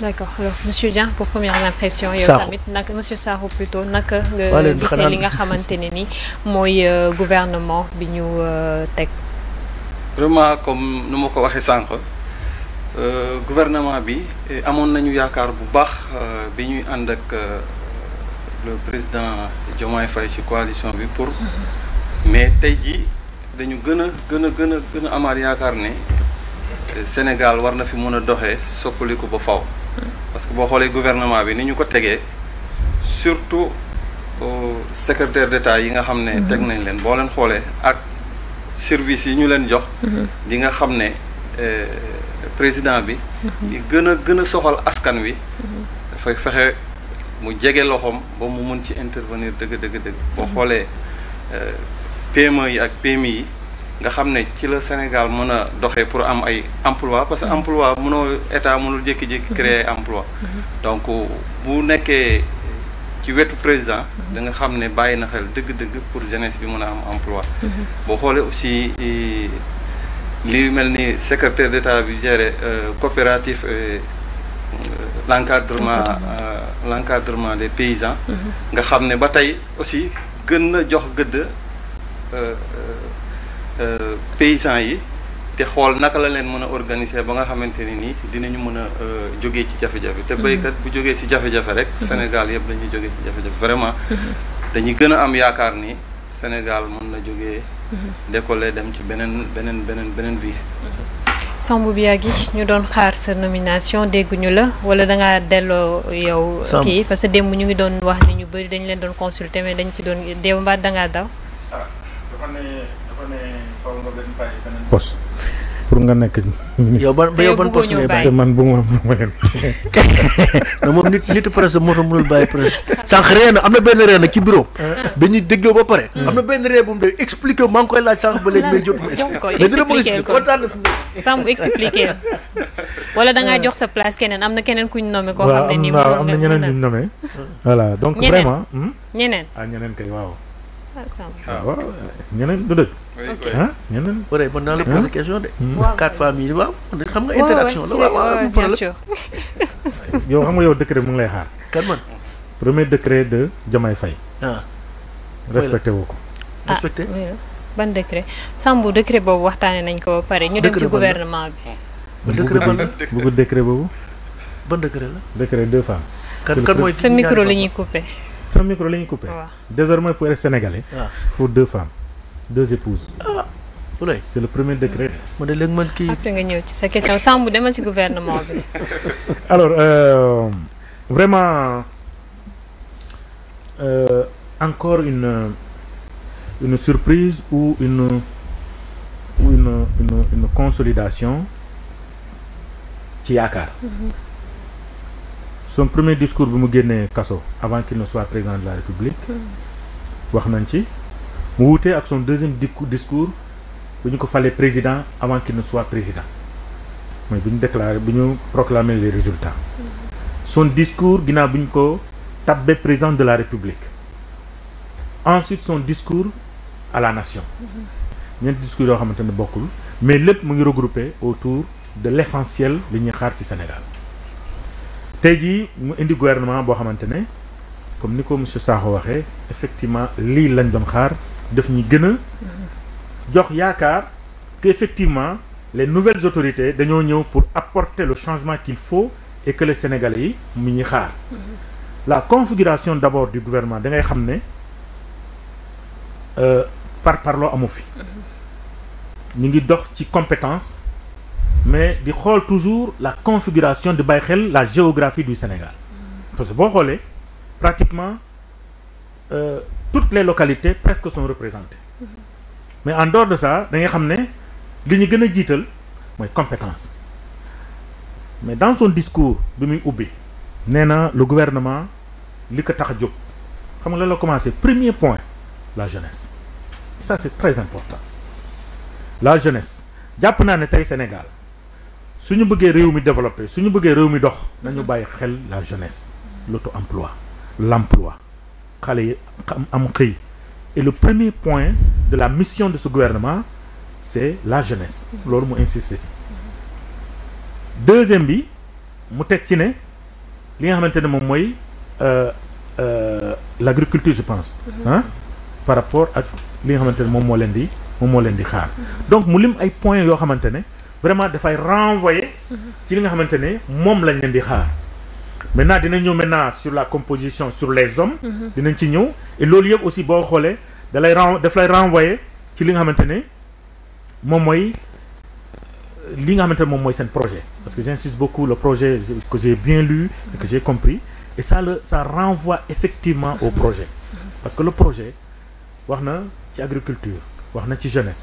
d'accord alors monsieur Dia pour première impression monsieur Sakho plutôt naka le vice li nga mon ni euh, gouvernement bi ñu euh, teg vraiment comme nu ma ko waxee sànq euh, gouvernement bi eh, amoon nañu yaakaar bu baax bi ñuy ak le président Diomaye Faye ci coalition bi pour mm-hmm. mais teji binyu dañu gën a gën a gën Sénégal war na fi mën ba faw parce que boo xoolee gouvernement bi ni ñu ko tegee surtout euh, secrétaire d'état yi nga xam ne mm-hmm. teg nañ leen boo leen xoolee ak service yi ñu leen jox mm-hmm. di nga xam ne euh, président bi li mm-hmm. gën a gën a soxal askan wi dafay fexe mu jege loxoom ba mu mën ci intervenir dëgg dëgg dëgg boo xoolee euh, PME yi ak PMI yi nga xamné ci le Sénégal mëna doxé pour am ay emploi parce que emploi mëno état mënul jékki-jékki créer emploi donc bu nekkee ci wétu président da nga xamné bayina xel deug deug pour jeunesse bi mëna am emploi bo xolé aussi li melni secrétaire d'État bi géré euh, coopératif euh, l'encadrement euh, l'encadrement des paysans mhm. nga xamné ne ba aussi gën na jox gëdd Euh, paysans yi te xool naka la leen mën a organiser ba nga xamante ne nii dinañu mën a euh, jógee ci jafe-jafe. te mhm. béykat bu jógee si jafe-jafe rek. Mhm. Sénégal yëpp dañuy jógee ci jafe-jafe vraiment. Mhm. dañuy gën a am yaakaar ni Sénégal mën na jógee. décoller dem ci beneen beneen beneen beneen bii. bi Biagui ñu doon xaar sa nomination dégguñu la wala da ngaa delloo yow. kii parce que démb ñu ngi doon wax ni ñu bëri dañ leen doon consulter mais dañ ci doon démb mbaa da poste pour nga nekk ministre. yow ban yow ban poste ngay bàyyi man bu ma ma leen. moom nit nit presse moo tax mënul bàyyi presse sànq ree am na benn ree ci bureau. bi ñuy déggoo ba pare. Hmm. am na benn ree bu mu doon expliqué maa koy laaj sànq ba léegi may jot. expliqué ko sàmm expliqué wala da ngaa jox sa place keneen am na keneen ku ñu nommé. koo xam ne nii moom am na ñeneen ñu nommé. voilà donc vraiment. Hmm? ñeneen ah ñeneen kay waaw. waaw ñeneen du dëgg. ah ñeneen. wala mën naa la poser question de. quatre famille waaw xam nga interaction la waaw waaw bien sûr. yow xam nga yow décret mu ngi ko. respecté ban décret Sambou décret boobu waxtaanee nañ ko ba pare ñu dem ci gouvernement bi. décret ban la bëggu décret boobu. ban sa micro la coupé. sa micro la coupé. désormais pour être sénégalais. pour faut deux femmes deux épouses. ah c'est le premier décret. mu de léegi man nga ci sa question Sambou demander ci gouvernement alors euh, vraiment euh, encore une une surprise ou une une une, une consolidation ci yaakaar. Mm-hmm son premier discours bi mu avant qu'il ne soit président de la république wax nañ ci mu son deuxième discours il ñu ko président avant qu'il ne soit président Il a proclamé déclaré proclamer les résultats son discours il buñ ko président de la république ensuite son discours à la nation ñeenti discours yo de bokul mais lepp mu ngi regroupé autour de l'essentiel li ñi xaar Sénégal et du mu indi gouvernement bo xamantene comme nous monsieur Sakho waxé effectivement li lañ doon xaar def ñi gëna a jox yaakar effectivement les nouvelles autorités dañoo ñëw pour apporter le changement qu'il faut et que les Sénégalais mi la configuration d'abord du gouvernement da ngay xamné euh par parlo amofi, ñi ngi dox ci mais di toujours la configuration de Baïkhel, la géographie du Sénégal parce que vous pratiquement euh, toutes les localités presque sont représentées mais en dehors de ça vous nga ce li ñu c'est a compétence mais dans son discours bi le gouvernement li ko tax a Vous la commencé premier point la jeunesse ça c'est très important la jeunesse japonais naa ne Sénégal si nous voulons développer, mi nous voulons ñu réew mi dox nañu bayyi xel la jeunesse l'auto emploi l'emploi Xalé am xey. et le premier point de la mission de ce gouvernement c'est la jeunesse Lolu mu insister. deuxième bi mu teg ci né li nga mom moy euh euh l'agriculture je pense mhm. hein, par rapport à li nga xamantene mom mo len di moom len di xaar donc mu lim ay points yo xamantene vraiment faut renvoyer ce li nga xamante c'est lañ maintenant nous sur la composition sur les hommes dinañ ci et loolu aussi il faut renvoyer ce li nga xamante c'est ce li nga projet parce que j'insiste beaucoup le projet que j'ai bien lu et que j'ai compris et ça ça renvoie effectivement au projet parce que le projet c'est l'agriculture, c'est agriculture jeunesse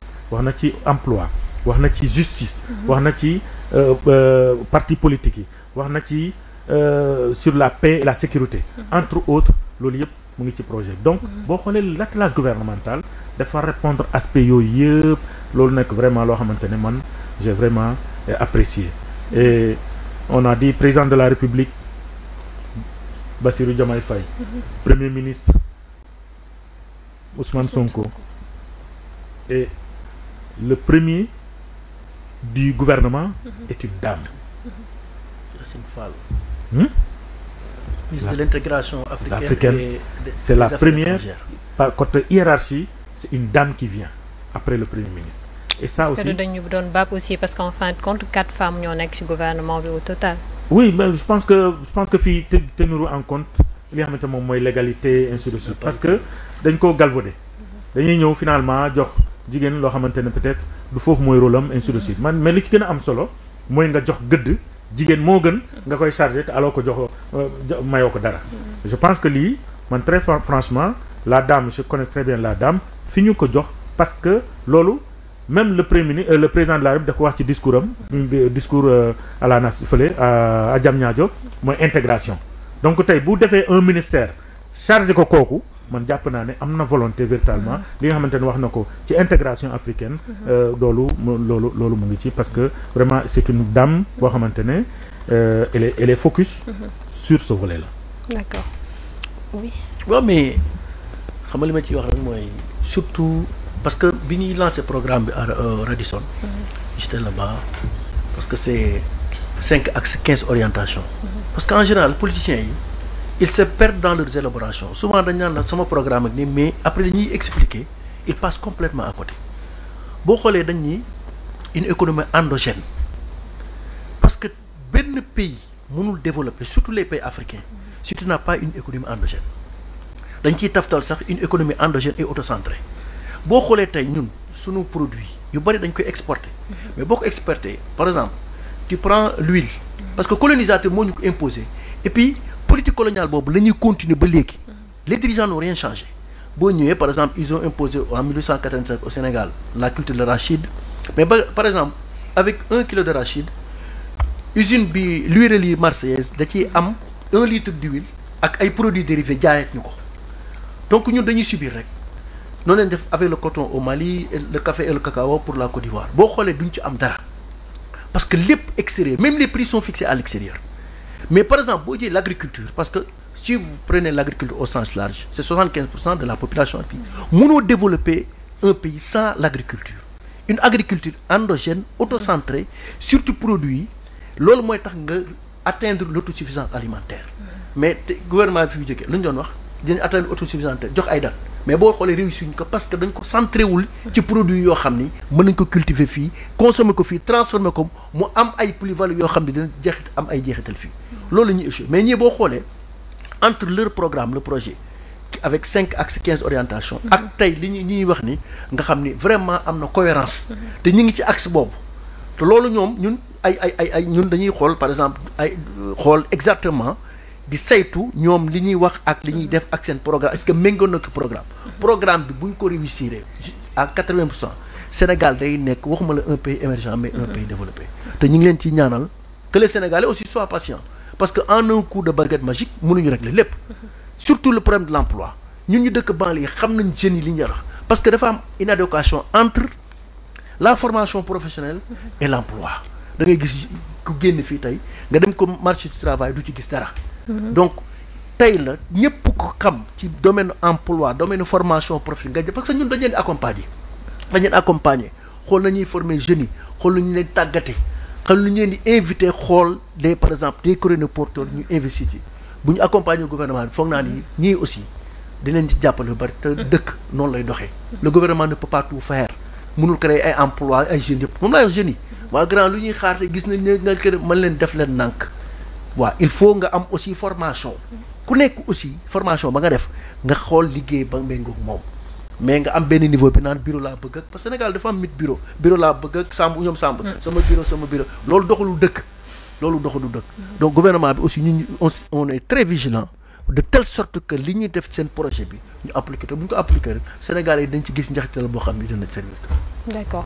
c'est l'emploi. emploi ou justice ou à parti politique sur la paix et la sécurité entre autres le projet donc on xoolee l'attelage gouvernemental faut répondre à ce pays vraiment j'ai vraiment euh, apprécié et on a dit président de la république Bassirou Diomaye Faye premier ministre Ousmane Sonko et le premier du gouvernement mhm. est une dame. Racine Hmm? l'intégration africaine. C'est la première. Par contre, hiérarchie, c'est une dame qui vient après le premier ministre. Et ça aussi. Que nous donne pas aussi parce qu'en fin de compte, quatre femmes n'y en a gouvernement au total. Oui, mais je pense que je pense que fi tenir en compte li y mom moy l'égalité ainsi de suite parce que d'un ko galvaudé mhm. Dañuy ñëw finalement jox jigéen loo xamante ne peut-être du foofu mooy rôle am ainsi de suite man mais li ci gën a am solo mooy nga jox gëdd jigéen moo gën nga koy chargé te aloo ko jox euh, mayoo ko dara je pense que lii man très franchement la dame je connais très bien la dame fi ñu ko jox parce que loolu même le premier ministre euh, le président de la République da ko wax ci discours am discours euh, à la nation fële à Diamniadio mooy intégration donc tey bu defee un ministère chargé ko kooku man suis naa ne am volonté véritablement mm-hmm. li nga wax ci intégration africaine mm-hmm. euh, loolu loolu ngi parce que vraiment c'est une dame boo xamante ne euh, elle est elle est focus mm-hmm. sur ce volet là d'accord oui mais xam nga li ma ciy wax rek surtout parce que bi ñuy lancé programme bi à euh, Radisson j'étais là-bas parce que c'est 5 axes 15 orientations parce qu'en en général politiciens ils se perdent dans leurs élaborations souvent ils ont un programme mais après qu'ils expliquer ils passent complètement à côté Beaucoup les dañ une économie endogène parce que ben pays mënul développer surtout les pays africains si tu n'as pas une économie endogène dañ ciy taftal sax une économie endogène et autocentrée centrée Si ce ñun suñu produit yu bëri dañ koy exporter mais beaucoup exporter par exemple tu prends l'huile parce que colonisateur nous imposé et puis politique coloniale les dirigeants n'ont rien changé par exemple ils ont imposé en 1885 au Sénégal la culture de l'arachide mais par exemple avec un kilo d'arachide usine bi marseillaise da un litre d'huile ak ay produits dérivés donc nous devons subir rek avec le coton au Mali le café et le cacao pour la Côte d'Ivoire boo xoolee duñ ci am parce que extérieur même les prix sont fixés à l'extérieur mais par exemple, vous l'agriculture, parce que si vous prenez l'agriculture au sens large, c'est 75% de la population qui pays. Nous développer un pays sans l'agriculture. Une agriculture endogène, autocentrée, sur ce produit, est atteindre l'autosuffisance alimentaire. Mais le gouvernement a vu que atteindre l'autosuffisance alimentaire mais boo xoolee réussir ko parce que dañ ko centré wul ci produit yo xam ni mën nañ ko cultiver fi consommer ko fi transformer ko mu am ay plus-value yo xam ne dina am ay jeexital fii loolu la ñuy échoué mais ñii boo xoolee entre leur programme le projet avec 5 axes 15 orientations mhm. ak tey li ñu ñuy wax ni nga xam vraiment am na cohérence mhm. te ñu ngi ci axe boobu te loolu ñoom ñun ay ay ay ay ñun dañuy xool par exemple ay xool exactement di saytu ñoom li ñuy wax ak li ñuy def ak seen programme est-ce que méngoo na ko programme programme bi bu ñu ko réussir à quatre-vingts pour cent Sénégal day nekk waxuma la un pays émergent mais un pays développé te ñu ngi leen ci ñaanal que les Sénégalais aussi soient patients parce que en un coup de baguette magique mënuñu régler lépp surtout le problème de l'emploi ñun ñu dëkk banlieue xam nañ jeunes yi li ñu wax parce que dafa am inadéquation entre la formation professionnelle et l'emploi da ngay gis ku génn fii tey nga dem ko marché du travail du ci gis dara Mhm. donc tey la ñëpp ko xam ci domaine emploi domaine formation profil nga jël parce que ñun dañeen leen accompagner dañ leen accompagner xool nañuy former jeunes yi xool nañu leen tàggate xam nañu leen di invité xool des par exemple des coréne porteurs ñu investir ci bu ñu accompagner gouvernement bi foog naa ni ñii aussi dinañ ci jàppale lu bari te mhm. dëkk noonu lay doxee mhm. la gouvernement ne peut pas tout faire mënul créer ay emploi ay jeunes yëpp moom laa wax jeunes waa grand lu ñuy xaar te gis nañ ne nga kër leen def leen nànk waaw il faut nga am aussi formation ku nekk aussi formation ba nga def nga xool liggéey ba méngoog moom mais nga am benn niveau bi naan bureau laa bëgg ak Sénégal dafa am mit bureau bureau laa bëgg ak sàmb ñoom sàmb mm. sama bureau sama bureau loolu doxalu dëkk loolu doxalu dëkk donc gouvernement bi aussi ñu on est très vigilant de telle sorte que li ñuy def seen projet bi ñu appliqué buñ bu ñu ko appliqué rek yi dañ ci gis njaxital boo xam ne dina servir d'accord